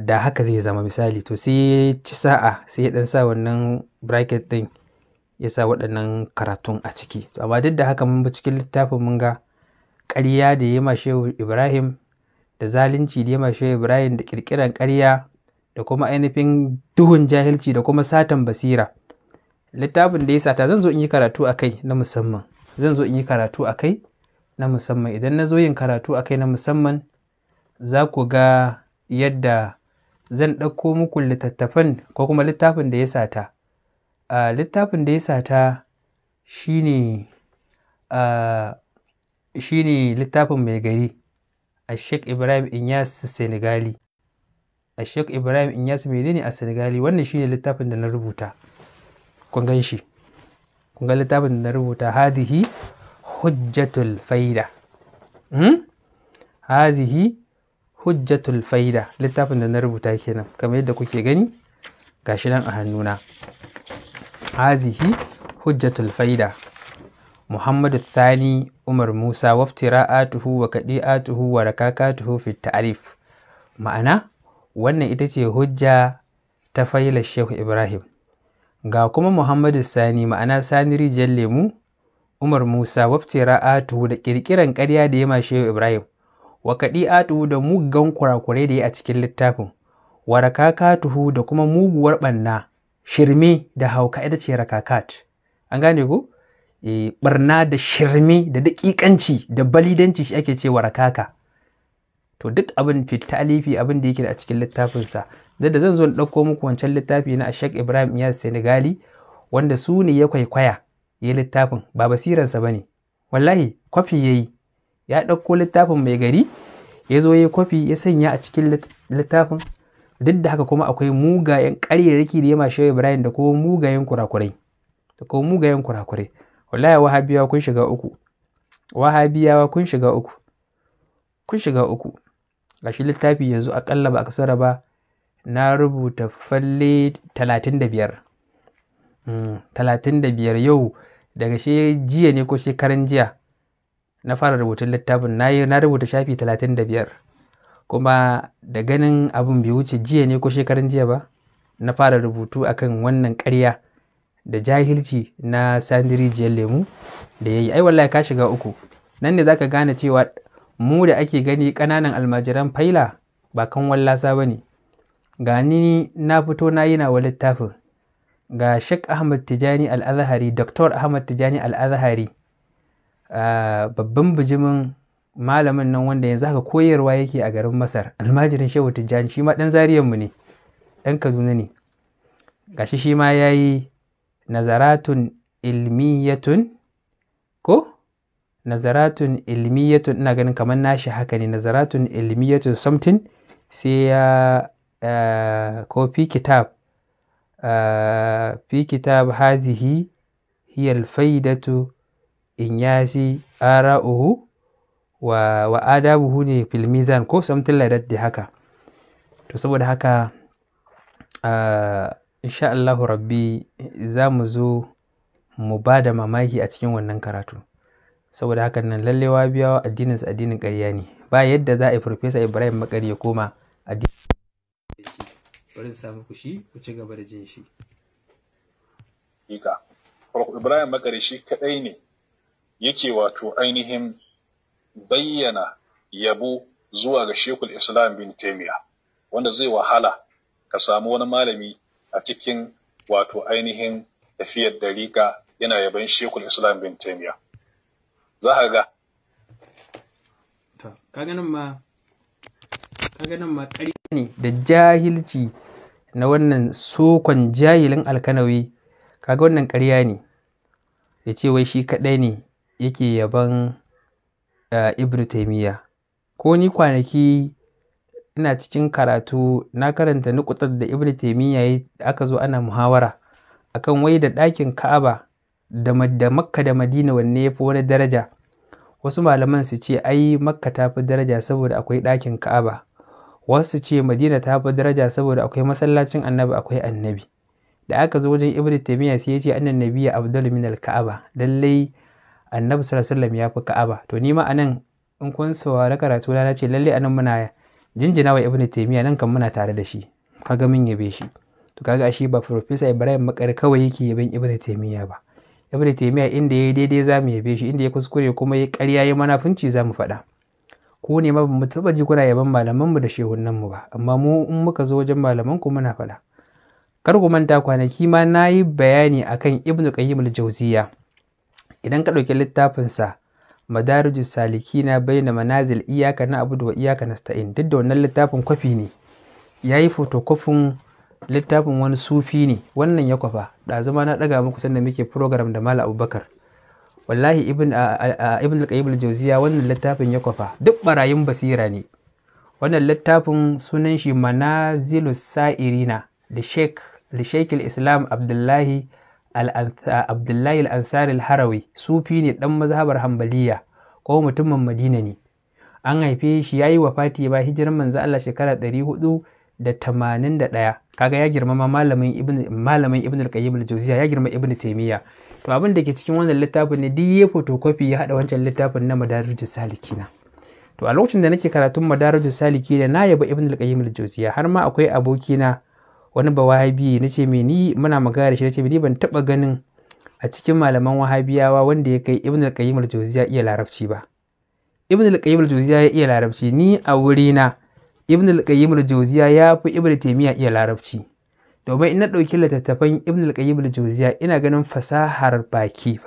da haka zai zama misali to sai ci sa'a sai ya dan sa wannan bracket ɗin. ya sa waɗannan karatun a ciki to amma duk da haka mun bi cikin littafin mun ga ƙarya da ya ma shehu ibrahim da zalunci da ya ma shehu ibrahim da ƙirƙiran ƙarya da kuma ainihin duhun jahilci da kuma satan basira littafin da ya sata zan zo in yi karatu a kai na musamman zan zo in yi karatu a kai na musamman idan na zo yin karatu a kai na musamman za ku ga yadda zan ɗauko muku littattafan ko kuma littafin da ya sata uh, littafin da ya sata shine uh, shine littafin mai gari a sheik ibrahim inyas senegali a sheik ibrahim inyas menene a senegali wannan shine littafin da na rubuta kun gan shi kun ga littafin da na rubuta hadihi hujjatul faida hmm? hazihi hujjatul faida littafin da na rubuta kenan kamar yadda kuke gani gashi nan a hannuna hazihi hujjatul faida muhammadu thani umar musa tuhu, wa kadi'atuhu wa rakakatuhu fi ma'ana wannan ita ce hujja ta failar shehu ibrahim ga kuma muhammadu sani ma'ana sani rijiyar lemu umar musa tuhu, da ƙirƙiran ƙarya da yama shehu ibrahim wa tuhu, da mugan kurakurai da ya a cikin littafin tuhu, da kuma muguwar ɓanna shirme da hauka ita ce rakakat an gane ku? e, barna da shirme da daƙiƙanci da balidanci shi ake cewa rakaka to duk abin fitalifi abin da yake da a cikin littafinsa da zan zo ɗauko muku wancan littafi na Sheikh Ibrahim Iyas Senegali wanda su ne ya kwaikwaya ya littafin ba basiransa ba ne wallahi kwafi yayi ya ɗauko littafin mai gari ya zo ya kwafi ya sanya a cikin littafin duk da haka kuma akwai mugayen ƙaryarki da ya mashe ibrahim da kuma mugayen kurakurai da kuma mugayen kurakurai wallahi wahabiyawa kun shiga uku wahabiyawa kun shiga uku kun shiga uku gashi littafi yanzu akalla ba a sarra ba na rubuta falle 35 35 hmm, yau daga shi jiya ne ko shekaran jiya na fara rubutun littafin na rubuta shafi 35 kuma da ganin abin bai wuce jiya ne ko shekarun jiya ba na fara rubutu akan wannan karya da jahilci na sandirijiyar lemu da ya yi ai wallahi ka shiga uku nan ne zaka gane cewa mu da ake gani ƙananan almajiran faila ba kan wallasa ba ne ga ni na fito na yi nawa littafin ga shek Ahmad Tijani Al-Azhari Ahmad Tijani Al-Azhari ah, babban bijimin malamin nan wanda yanzu haka koyarwa yake a garin masar almajirin shehu tijjani shi ma ɗan mu ne ɗan kaduna ne gashi shi ma ya yi nazaratun ilmiyatun ko nazaratun ilmiyatun ina ganin kamar nashi haka ne nazaratun ilmiyatun something sai ya eh, ko kitab eh, fi kitab hazihi hiyar faidatu in yasi ara'uhu wa, wa adabuhu ne fil ko something like that da haka to saboda haka uh, insha Allahu rabbi za mu zo mu ba da mamaki a cikin wannan karatu saboda haka nan lalle wa addinin su addinin ƙarya ne ba yadda za a yi farfesa ibrahim makari ya koma addinin bari samu kushi ku ci gaba da jin shi ibrahim makari shi kadai ne yake wato ainihin bayyana yabo zuwa ga Shekul Islam bin Taimiya wanda zai wahala ka samu wani malami a cikin wato ainihin tafiyar dariƙa yana yaban Shekul Islam bin Taimiya. Za ka ga. ganin ma ganin ma ne da jahilci na wannan sokon jahilin alkanawi kaga wannan ƙarya ne ya ce wai shi kaɗai ne yake yaban Eh, Ibn taimiyya Ko ni kwanaki ina cikin karatu na karanta nukutar da Ibn taimiyya ya aka zo ana muhawara akan wai da ɗakin Ka'aba da Makka da Madina wanne yafi wani daraja. Wasu malaman su ce ai Makka ta fi daraja saboda akwai ɗakin Ka'aba. Wasu ce Madina ta fi daraja saboda akwai masallacin Annabi akwai Annabi. Da aka zo wajen Ibn taimiyya sai ya ce annan nabiyya afdalu min al-Ka'aba. Lallai annabi sallallahu alaihi ya fi ka'aba to ni ma anan in kun saurari karatu na ce lalle anan muna jinjina wa ibnu taymiya nan kan muna tare da shi kaga min yabe shi to kaga shi ba professor ibrahim makar kawai yake yaben ibnu taymiya ba ibnu taymiya inda yayi daidai za zamu yabe shi inda ya kuskure kuma ya ƙarya ya za mu faɗa ko ne ma mu taba ji kuna yaban malaman mu da shehunan mu ba amma mu in muka zo wajen malaman ku muna faɗa kar ku manta kwanaki ma nayi bayani akan ibnu qayyim al-jawziya idan ka ɗauki littafinsa madarijus salikina bayyana manazil iyaka na abu da iyaka sta'in duk da wannan littafin kwafi ne ya yi fotokofin littafin wani sufi ne wannan ya kwafa da zama na ɗaga muku sanda muke program da mala abubakar wallahi ibn al-qayyim jauziya wannan littafin ya kwafa duk barayin basira ne wannan littafin sunan shi manazilus sa'irina da sheikh islam abdullahi abdullahi al-ansari al-harawi sufi ne ɗan mazhabar hambaliya ko mutumin madina ne an haife shi yayi Fati ba hijiran manzo Allah shekara 481 kaga ya girmama malamin ibn malamin ibn al-qayyim al-jawziya ya girma ibn taymiya to abin da ke cikin wannan littafin ne duk ya photocopy ya hada wancan littafin na madarijus salikina to a lokacin da nake karatun madarijus salikina na yaba ibn al-qayyim al-jawziya har ma akwai abokina wani ba wahabi na ce ni muna magana da shi na ce ni ban taɓa ganin a cikin malaman wahabiyawa wanda ya kai ibn al-qayyim al-jawziya iya larabci ba ibn al-qayyim al-jawziya ya iya larabci ni a wurina ibn al-qayyim al-jawziya ya fi ibn taymiya iya larabci domin ina ɗauki littattafan ibn al-qayyim al-jawziya ina ganin fasahar baki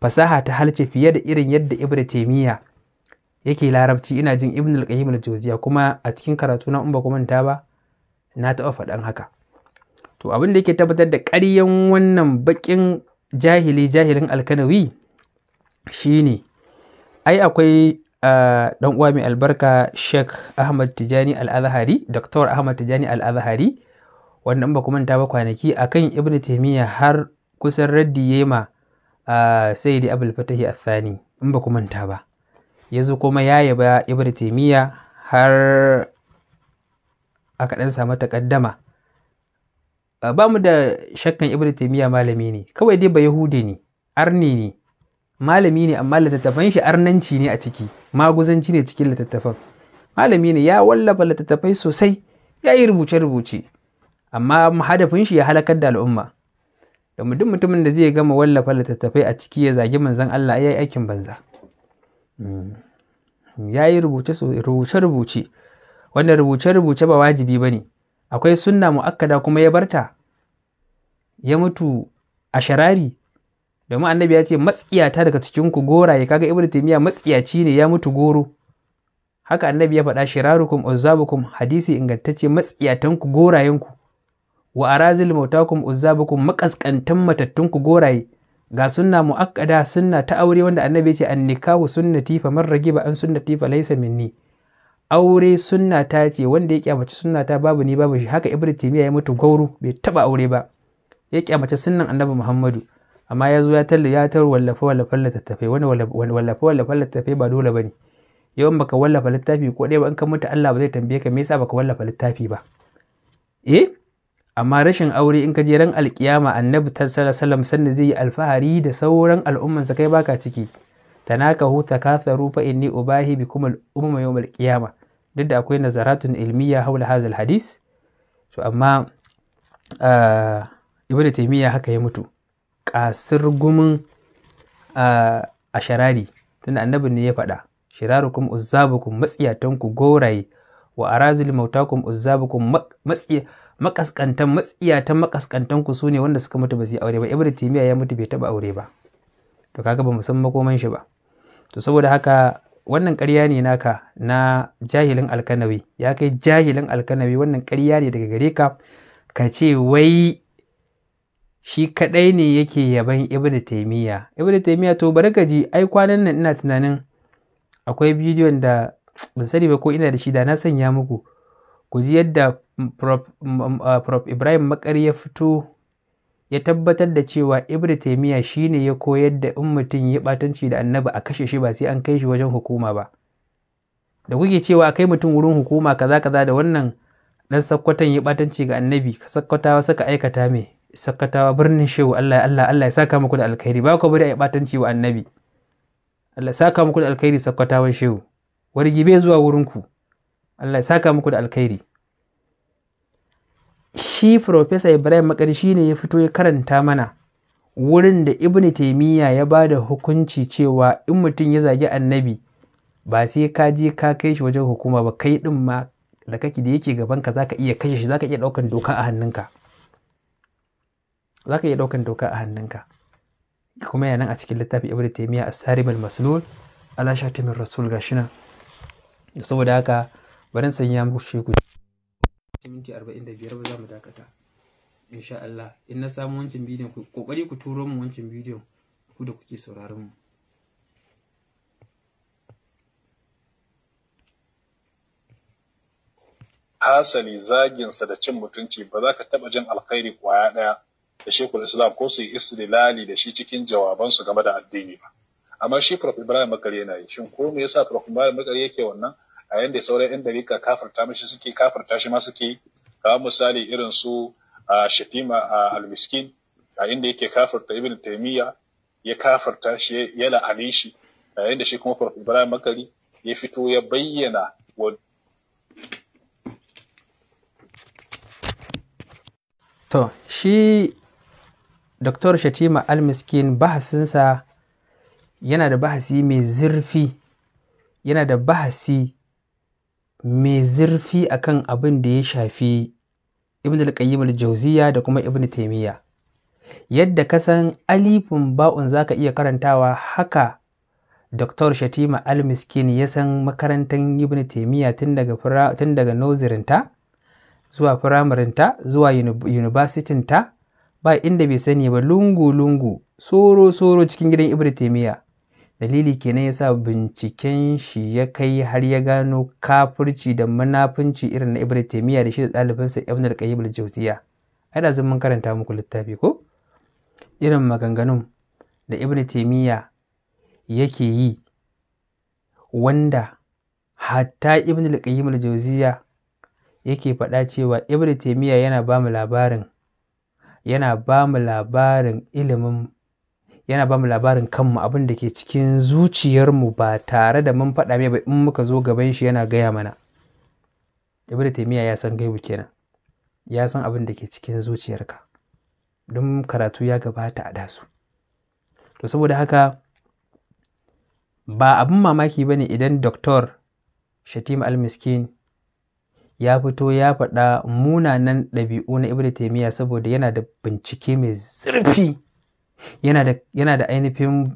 fasaha ta halce fiye da irin yadda ibn taymiya yake larabci ina jin ibn al-qayyim al-jawziya kuma a cikin karatu na in ba ta manta ba na taɓa faɗan haka to abin da yake tabbatar da ƙaryan wannan baƙin jahili jahilin alkanawi shine ai akwai ɗan uwa mai albarka sheikh ahmad tijani al-azhari dr ahmad tijani al-azhari wanda ba ku manta ba kwanaki akan ibn taymiya har kusan raddi yayi ma sai da abul fatahi athani in ba ku manta ba ya kuma ya yaba ibn taymiya har aka ɗan samu takaddama ah, ba mu da shakkan ibnu taimiyya malami ne kawai dai ba yahudi ne arni ne malami ne amma littattafan shi arnanci ne a ciki maguzanci ne cikin littattafan malami ne ya wallafa littattafai sosai ya yi rubuce-rubuce amma hadafin shi ya halakar da al'umma da duk mutumin da zai gama wallafa littattafai a ciki ya zagi manzan Allah ya aikin banza hmm. ya yi rubuce-rubuce wannan rubuce-rubuce ba wajibi ba ne akwai sunna mu'akkada kuma ya barta ya mutu a sharari domin annabi ya ce matsiyata daga cikinku goraye kaga ibn taymiya matsiyaci ne ya mutu goro haka annabi ya faɗa shirarukum uzzabukum hadisi ingantacce matsiyatanku gorayenku wa arazil mautakum uzzabukum makaskantan matattunku goraye ga sunna mu'akkada sunna ta aure wanda annabi ya ce annikahu sunnati man ragiba an sunnati fa laysa minni aure sunnata ce wanda ya kyamace sunnata babu ni babu shi haka ibnu taymiya ya mutu gauru bai taba aure ba ya kyamace sunnan annabi muhammadu amma ya zo ya talla ya tar wallafa wallafa littattafai wani wallafa wallafa littattafai ba dole bane yawan baka wallafa littafi ko dai ba in ka mutu Allah ba zai tambaye ka me yasa baka wallafa littafi ba eh amma rashin aure in ka je ran alkiyama annabi sallallahu alaihi wasallam sannan zai yi alfahari da sauran sa kai baka ciki tanaka huta takatharu fa inni ubahi bikum al-umma yawm al-qiyamah duk da akwai nazaratun ilmiya haula hazal hadis to amma ibnu taymiya haka ya mutu kasir gumin a sharari tunda annabin ne ya faɗa shirarukum uzzabukum matsiyatanku goraye wa arazil mautakum uzzabukum matsiya makaskantan matsiyatan makaskantan ku sune wanda suka mutu ba su yi aure ba ibnu taymiya ya mutu bai taba aure ba to kaga ba musamman san makoman shi ba to saboda haka wannan karya ne naka na jahilin alkanawi ya kai jahilin alkanawi wannan karya ne daga gare ka ka ce wai shi kaɗai ne yake yaban ibn taimiyya ibn taimiyya to bari ka ji ai kwanan nan ina tunanin akwai bidiyon da ban sani ba ko ina da shi da na sanya muku ku ji yadda prof, ibrahim makari ya fito ya tabbatar da cewa taimiya shi shine ya koyar da in mutum ya batanci da annabi a kashe shi ba sai an kai shi wajen hukuma ba da kuke cewa a kai mutum wurin hukuma kaza kaza da wannan dan sakkwatan ya batanci ga annabi sakkwatawa suka aikata me sakkwatawa birnin shehu Allah Allah Allah ya saka muku da alkhairi ba ku bari a batanci wa annabi Allah ya saka muku da alkhairi sakkwatawan shehu wargi bai zuwa wurinku Allah ya saka muku da alkhairi shi Profesa Ibrahim makarshi ne ya fito ya karanta mana wurin da Ibn Taimiyya ya ba da hukunci cewa in mutum ya zagi annabi ba sai ka je ka kai shi wajen hukuma ba kai din ma da kake da yake gaban ka zaka iya kashe shi zaka iya daukan doka a hannunka zaka iya daukan doka a hannunka kuma yana a cikin littafin Ibn Taimiyya As-Sarim al-Maslul ala shatimin Rasul gashina saboda haka barin sanya muku shi minti 45 ba za mu dakata insha Allah in na samu wancan bidiyon ku kokari ku turo mu wancan bidiyon ku da kuke sauraron mu hasali zaginsa da cin mutunci ba za ka taɓa jin alkhairi kwaya ɗaya da shekul islam ko su yi istilali da shi cikin jawaban su game da addini ba amma shi prof ibrahim makari yana yi shin ko me yasa prof ibrahim makari yake wannan a yadda sauran yan dariƙa kafarta mashi suke kafarta shi ma suke ka misali irin su a shatima a almiskin a inda yake kafarta ibn taimiyya ya kafarta shi ya la'ani shi a yadda shi kuma farko ibrahim makari ya fito ya bayyana wa to shi Dr. Shatima Almiskin bahasinsa yana da bahasi mai zurfi yana da bahasi mai zurfi akan abin da ya shafi ibn al-qayyim al-jawziya da kuma ibn taymiya yadda ka san alifin ba'un zaka iya karantawa haka Dr. Shatima Al-Miskin ya san makarantar Ibn taymiya tun daga tun daga nozirinta zuwa firamarinta zuwa universitin ta ba inda bai sani ba lungu lungu soro soro cikin gidan Ibn taymiya dalili kenan yasa binciken shi ya kai har ya gano kafirci da munafunci irin na Ibrahim taymiya da shi da ɗalibinsa ibn al-qayyim al ai da mun karanta muku littafi ko irin maganganun da Ibn taymiya yake yi wanda hatta ibn al-qayyim al yake faɗa cewa Ibn taymiya yana ba mu labarin yana ba labarin ilimin yana ba mu labarin kanmu abin da ke cikin zuciyarmu ba tare da mun faɗa mai ba in muka zo gaban shi yana gaya mana da taimiya ya san gaibu kenan ya san abin da ke cikin zuciyarka don karatu ya gabata a dasu to saboda haka ba abin mamaki ba ne idan doktor shatim al-miskin ya fito ya faɗa munanan ɗabi'u na da taimiya saboda yana da bincike mai zurfi yana da ainihin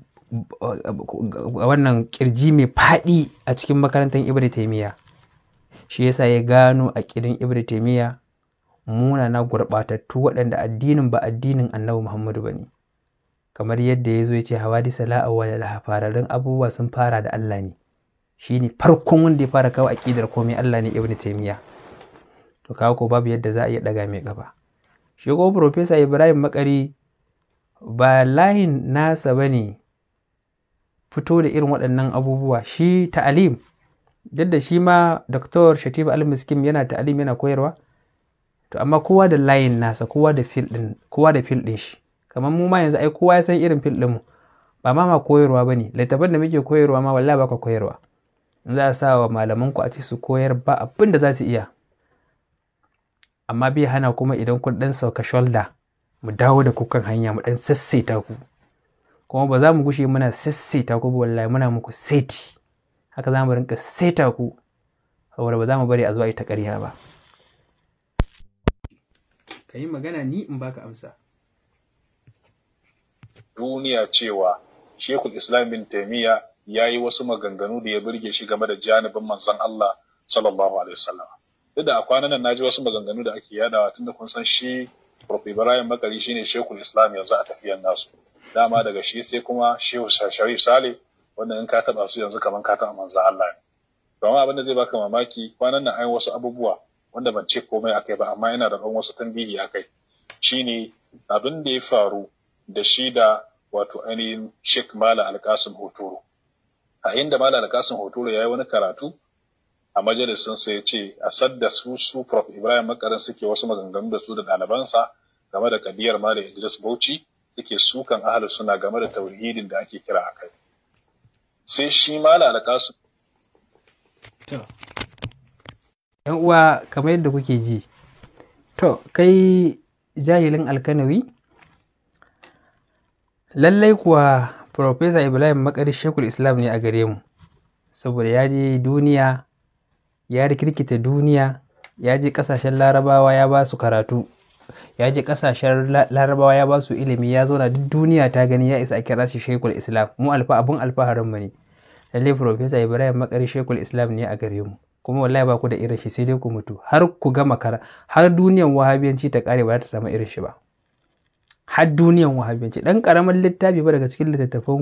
wannan kirji mai faɗi a cikin makarantar ibn taimiyya shi yasa ya gano a ƙirin ibn taimiyya munana gurɓatattu waɗanda addinin ba addinin annabi muhammadu ba ne kamar yadda ya zo ya ce hawa hawadisa da lafararrun abubuwa sun fara da allah ne shi ne farkon wanda ya fara kawo aƙidar komai allah ne ibn taimiyya to kawo ko babu yadda za a iya ɗaga mai gaba shi ko profesa ibrahim makari ba layin nasa ba ne fito da irin waɗannan abubuwa shi ta'alim Duk da shi ma Dr. Shatiba Al-Miskim yana ta'alim yana koyarwa to amma kowa da layin nasa kowa da fil din shi kamar mu ma yanzu ai kowa ya san irin fil din mu ba ma ma koyarwa ba ne littafin da muke koyarwa ma wallahi ka koyarwa za a sa wa malaman ku a ce su koyar ba abinda da za su iya amma bai hana kuma idan kun dan sauka shoulder mu dawo da kukan hanya mu ɗan sassaita ku kuma ba za mu gushe muna sassaita ku wallahi muna muku seti haka za mu rinka saita ku saboda ba za mu bari a zuwa ita ƙarya ba ka yi magana ni in baka amsa duniya cewa shekul islam bin taimiyya ya yi wasu maganganu da ya burge shi game da janibin manzon Allah sallallahu alaihi wasallam duk da a kwanan nan naji wasu maganganu da ake yadawa da kun san shi Prof Ibrahim Bakari shine shekul Islam yanzu a tafiyan nasu dama daga shi sai kuma Shehu Sharif Sale wanda in ka taba su yanzu kaman ka taba manzo Allah ne to amma abin da zai baka mamaki kwanan nan an wasu abubuwa wanda ban ce komai akai ba amma ina da ɗan wasu tambihi akai shine abin da ya faru da shi da wato ainihin Sheikh Mala Alkasim Hotoro a inda Mala Alkasim Hotoro yi wani karatu a majalisin sa ya ce a sadda su su prof ibrahim makarin suke wasu maganganu da su da ɗalibansa game da kabiyar malam idris bauchi suke sukan ahalu suna game da tauhidin da ake kira a kai sai shi ma malam su. yan uwa kamar yadda kuke ji to kai jahilin alkanawi lallai kuwa Profesa Ibrahim Makari Shekul Islam ne a gare mu, saboda ya je duniya ya rikirkita duniya ya je ƙasashen larabawa ya ba su karatu ya je ƙasashen larabawa ya ba su ilimi ya zauna duk duniya ta gani ya isa a kira shi shekul islam mu alfa abun alfaharin mu ne lalle profesa ibrahim makari shekul islam ne a gare mu kuma wallahi ba ku da irin shi sai dai ku mutu har ku gama kara har duniyar wahabiyanci ta kare ba ta samu irin shi ba har duniyar wahabiyanci dan karamin littafi ba daga cikin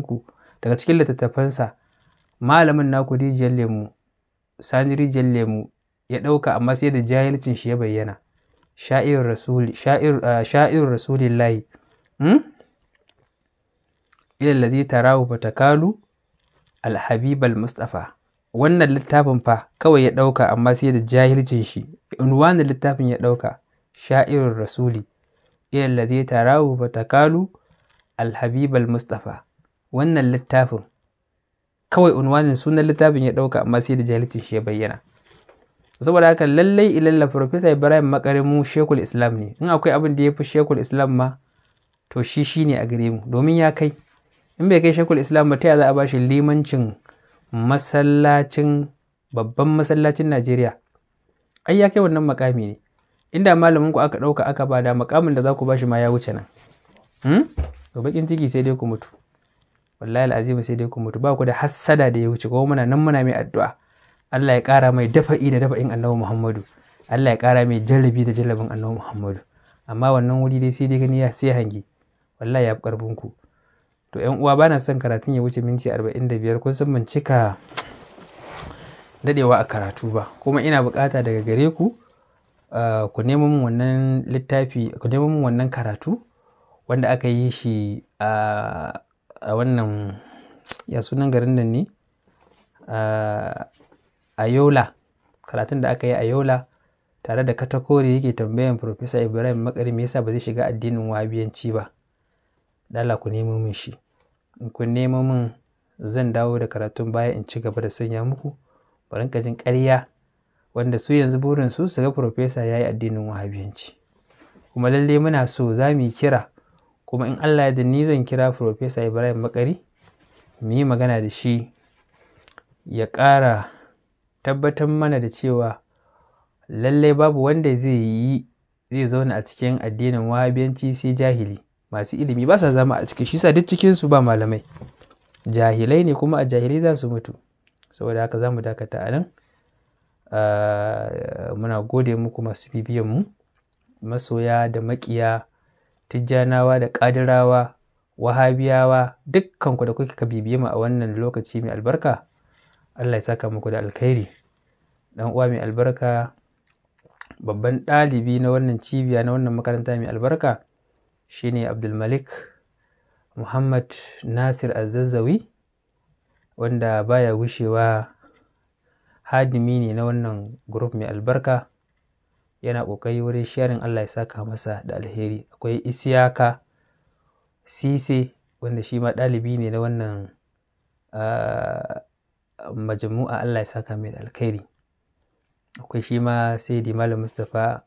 ku daga cikin littattafansa malamin naku rijiyar lemu sani jallemu lemu ya ɗauka amma sai da jahilcin shi ya bayyana sha'ir ah, rasul layi. rasulillahi hmm? ila lazi tarahu fatakalu alhabib almustafa wannan littafin fa kawai ya ɗauka amma sai da jahilcin shi unwanin littafin ya ɗauka sha'irin rasuli ila lazi tarahu fatakalu alhabib almustafa wannan littafin kawai unwanin sunan littafin ya ɗauka amma sai da jahilcin shi ya bayyana saboda haka lallai ilalla Profesa Ibrahim Makarimu Shekul Islam ne in akwai abin da ya fi Shekul Islam ma to shi shi ne a gare mu domin ya kai in bai kai Shekul Islam ba ta za a bashi limancin masallacin babban masallacin Najeriya ai ya kai wannan makami ne inda malamin ku aka ɗauka aka bada makamin da za ku bashi ma ya wuce nan hmm? bakin ciki sai dai ku mutu wallahi al'azim sai dai ku mutu ba ku da hassada da ya wuce ko muna nan muna mai addu'a Allah ya ƙara mai dafa'i da dafa'in Annabi Muhammadu Allah ya ƙara mai jarrabi da jarrabin Annabi Muhammadu amma wannan wuri dai sai dai gani ya sai hangi wallahi ya fi ƙarfin ku to ƴan uwa bana son karatun ya wuce minti 45 kun san ban cika dadewa a karatu ba kuma ina bukata daga gare ku ah, ku nemo min wannan littafi ku nemo min wannan karatu wanda aka yi shi a ah, a wannan ya sunan garin nan ne a yola karatun da aka yi a yola tare da katakore yake tambayan Profesa Ibrahim Makari me yasa ba zai shiga addinin wahabiyanci ba. Dala ku nemo min shi. In ku nemo min zan dawo da karatun baya in ci gaba da sanya muku bari ka jin wanda su yanzu burin su su ga Profesa ya yi addinin wahabiyanci. Kuma lalle muna so za mu yi kira kuma in Allah ya ni zan kira Profesa Ibrahim Bakari mu yi magana da shi ya ƙara tabbatar mana da cewa lallai babu wanda zai yi zai zauna a cikin addinin wahabiyanci sai jahili masu ilimi ba sa zama a cikin shi sa duk cikin su ba malamai jahilai ne kuma a jahilai za su mutu saboda haka zamu dakata a nan ah, muna gode muku masu bibiyan mu masoya da maƙiya tijjanawa da ƙadirawa wahabiyawa dukkanku da kuka bibiye mu a wannan lokaci mai albarka allah ya saka muku da alkhairi dan uwa mai albarka babban ɗalibi na wannan cibiya na wannan makaranta mai albarka shine abdulmalik muhammad nasir azazzawi wanda baya gushewa hadimi ne na wannan group mai albarka yana ƙoƙari wurin sharin Allah ya saka masa da alheri akwai isiyaka sise wanda shi ma ɗalibi ne na wannan ah, majamu'a Allah ya saka mai da alkhairi akwai shi ma sai di malam mustapha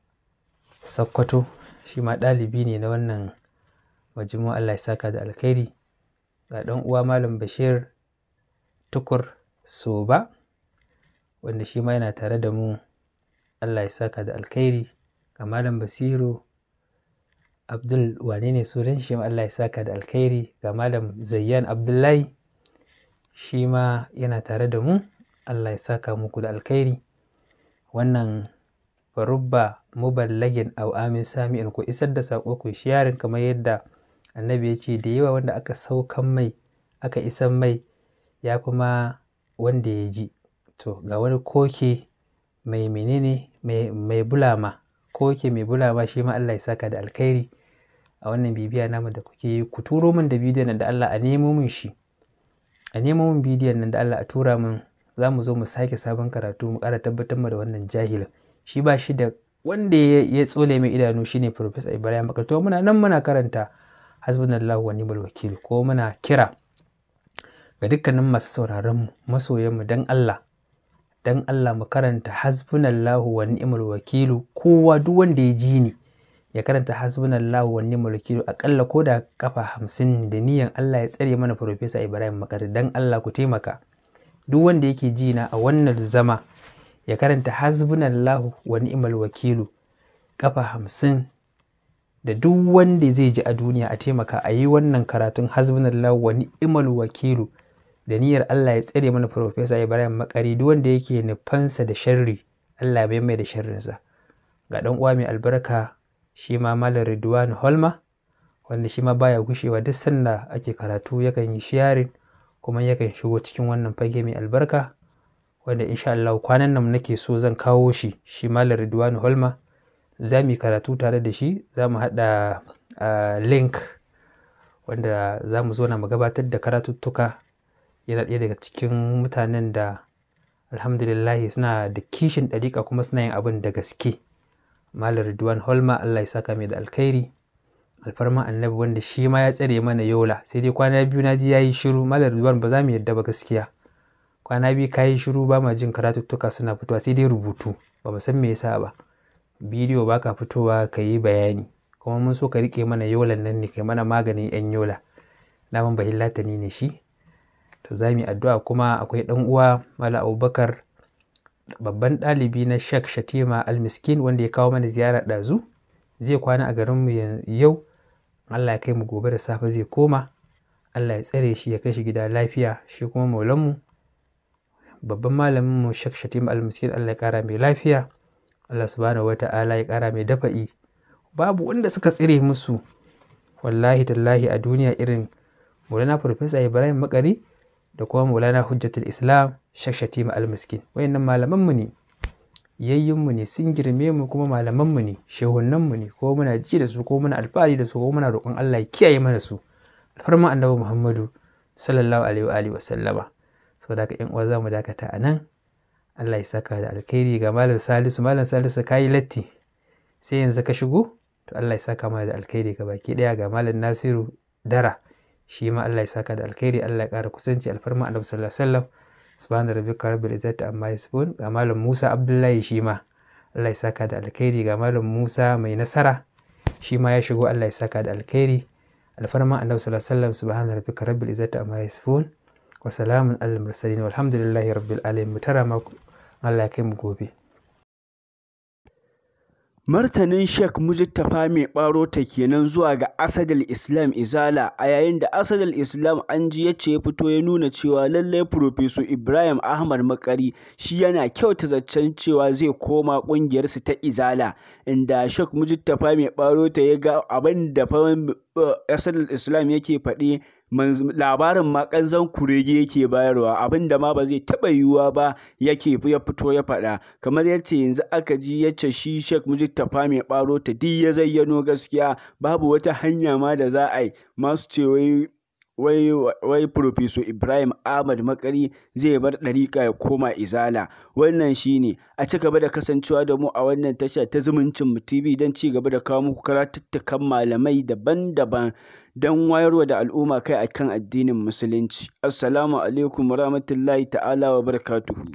sakkwato shi ma ɗalibi ne na wannan majamu'a Allah ya saka da alheri ga ɗan uwa malam bashir tukur soba wanda shi ma yana tare da mu Allah ya saka da alkhairi ga Malam Basiru Abdul wane ne sunan shi Allah ya saka da alkhairi ga Malam Zayyan Abdullahi shi ma yana tare da mu Allah ya saka muku da alkhairi wannan farubba muballagin au amin sami ku isar da sako ku sharing kamar yadda annabi ya ce da yawa wanda aka saukan mai aka isan mai ya fi ma wanda ya ji to ga wani koke mai menene mai, mai bulama ko yake mai bulama shi ma Allah ya saka da alkhairi a wannan bibiya namu da kuke yi ku turo min da bidiyon nan da Allah a nemo min shi a nemo min bidiyon nan da Allah a tura min za mu zo mu sake sabon karatu mu ƙara tabbatar mu da wannan jahilin shi ba shi da wanda ya tsole mai idanu shine Professor Ibrahim Bakalto muna nan muna karanta hasbunallahu wa ni'mal wakil ko muna kira ga dukkanin masu sauraron mu masoyan mu dan Allah dan Allah mu karanta hasbunallahu wa ni'mal wakilu kowa duk wanda ya ji ni ya karanta hasbunallahu wa ni'mal wakilu akalla ko da kafa hamsin da niyan Allah ya tsare mana Profesa Ibrahim Makari dan Allah ku taimaka duk wanda yake ji na a wannan zama ya karanta hasbunallahu wa ni'mal wakilu kafa hamsin da duk wanda zai ji a duniya a taimaka a yi wannan karatun hasbunallahu wa ni'mal wakilu da niyyar Allah ya tsare mana Profesa Ibrahim Makari duk wanda yake nufansa da sharri Allah bai mai da sharrinsa ga dan uwa mai albarka shi ma Malam Ridwan Holma wanda shi ma baya gushewa duk sanda ake karatu yakan yi shiyarin kuma yakan shigo cikin wannan fage mai albarka wanda insha Allah kwanan nan nake so zan kawo shi shi Malam Ridwan Holma za mu karatu tare da shi za mu haɗa ah, link wanda za mu zo na mu gabatar da karatuttuka yana ɗaya daga cikin mutanen da alhamdulillahi suna da kishin ɗariƙa kuma suna yin abin da gaske malar duwan holma allah ya saka mai da alkhairi alfarma annabi wanda shi ma ya tsare mana yola sai dai kwana biyu na ji ya yi shiru malar duwan ba za mu yadda ba gaskiya kwana biyu ka yi shiru ba ma jin karatuttuka suna fitowa sai dai rubutu ba mu san me yasa ba bidiyo ba ka fitowa ka yi bayani kuma mun so ka riƙe mana yolan nan ne kai mana maganin yan yola naman bahillatani ne shi to za mu yi addu'a kuma akwai ɗan uwa mala abubakar babban ɗalibi na Sheikh shatima almiskin wanda ya kawo mana ziyara ɗazu zai kwana a garinmu yau allah ya kai mu gobe da safe zai koma allah ya tsare shi ya kai shi gida lafiya shi kuma maulanmu babban malamin mu shek shatima almiskin allah ya ƙara mai lafiya allah subhanahu ta'ala ya ƙara mai dafa'i babu wanda suka tsire musu wallahi tallahi a duniya irin maulana farfesa ibrahim makari da kuma maulana hujjatul islam shakshatima almiskin wayannan malamanmu ne yayyinmu ne sun girme mu kuma malamanmu ne shehunanmu ne ko muna ji da su ko muna alfahari da su ko muna roƙon Allah ya kiyaye mana su alfarma annabi Muhammadu sallallahu alaihi wa alihi wa sallama saboda ka ƴan uwa zamu dakata a nan Allah ya saka da alkhairi ga malam Salisu malam Salisu kai latti sai yanzu ka shigo to Allah ya saka mana da alkhairi ga baki daya ga malam Nasiru Dara shi ma Allah ya saka da alkhairi Allah ya ƙara kusanci alfarma annabi sallallahu alaihi wasallam subhana rabbika rabbil izzati amma yasifun ga malam Musa Abdullahi shi ma Allah ya saka da alkhairi ga malam Musa mai nasara shi ma ya shigo Allah ya saka da alkhairi alfarma annabi sallallahu alaihi wasallam subhana rabbika rabbil izzati amma yasifun wa salamun alal mursalin walhamdulillahi rabbil alamin mutara ma Allah ya kai mu gobe Martanin Sheikh mujittafa mai ɓarota ta kenan zuwa ga Asadul Islam Izala, a yayin da Asadul Islam Anji yace ya fito ya nuna cewa lallai Profeso Ibrahim Ahmad Makari shi yana kyauta zaccen cewa zai koma ƙungiyarsa ta Izala, inda Sheikh mujittafa mai ɓarota ya ga abin da eh, Asadul Islam yake faɗi labarin ma ƙanzan kurege yake bayarwa abin da ma ba zai taɓa yiwuwa ba yake ya fito ya faɗa kamar yace yanzu aka ji yace shi Sheikh Mujtafa mai ɓaro ta duk ya zayyano gaskiya babu wata hanya ma da za a yi masu ce wai wai wai Profeso Ibrahim Ahmad Makari zai bar ɗariƙa ya koma Izala wannan shine a ci gaba da kasancewa da mu a wannan tasha ta zumuncin mu TV don ci gaba da kawo muku karatuttukan malamai daban-daban don wayarwa da al'umma kai a kan addinin Musulunci. Assalamu alaikum wa rahmatullahi ta'ala wa barakatuhu.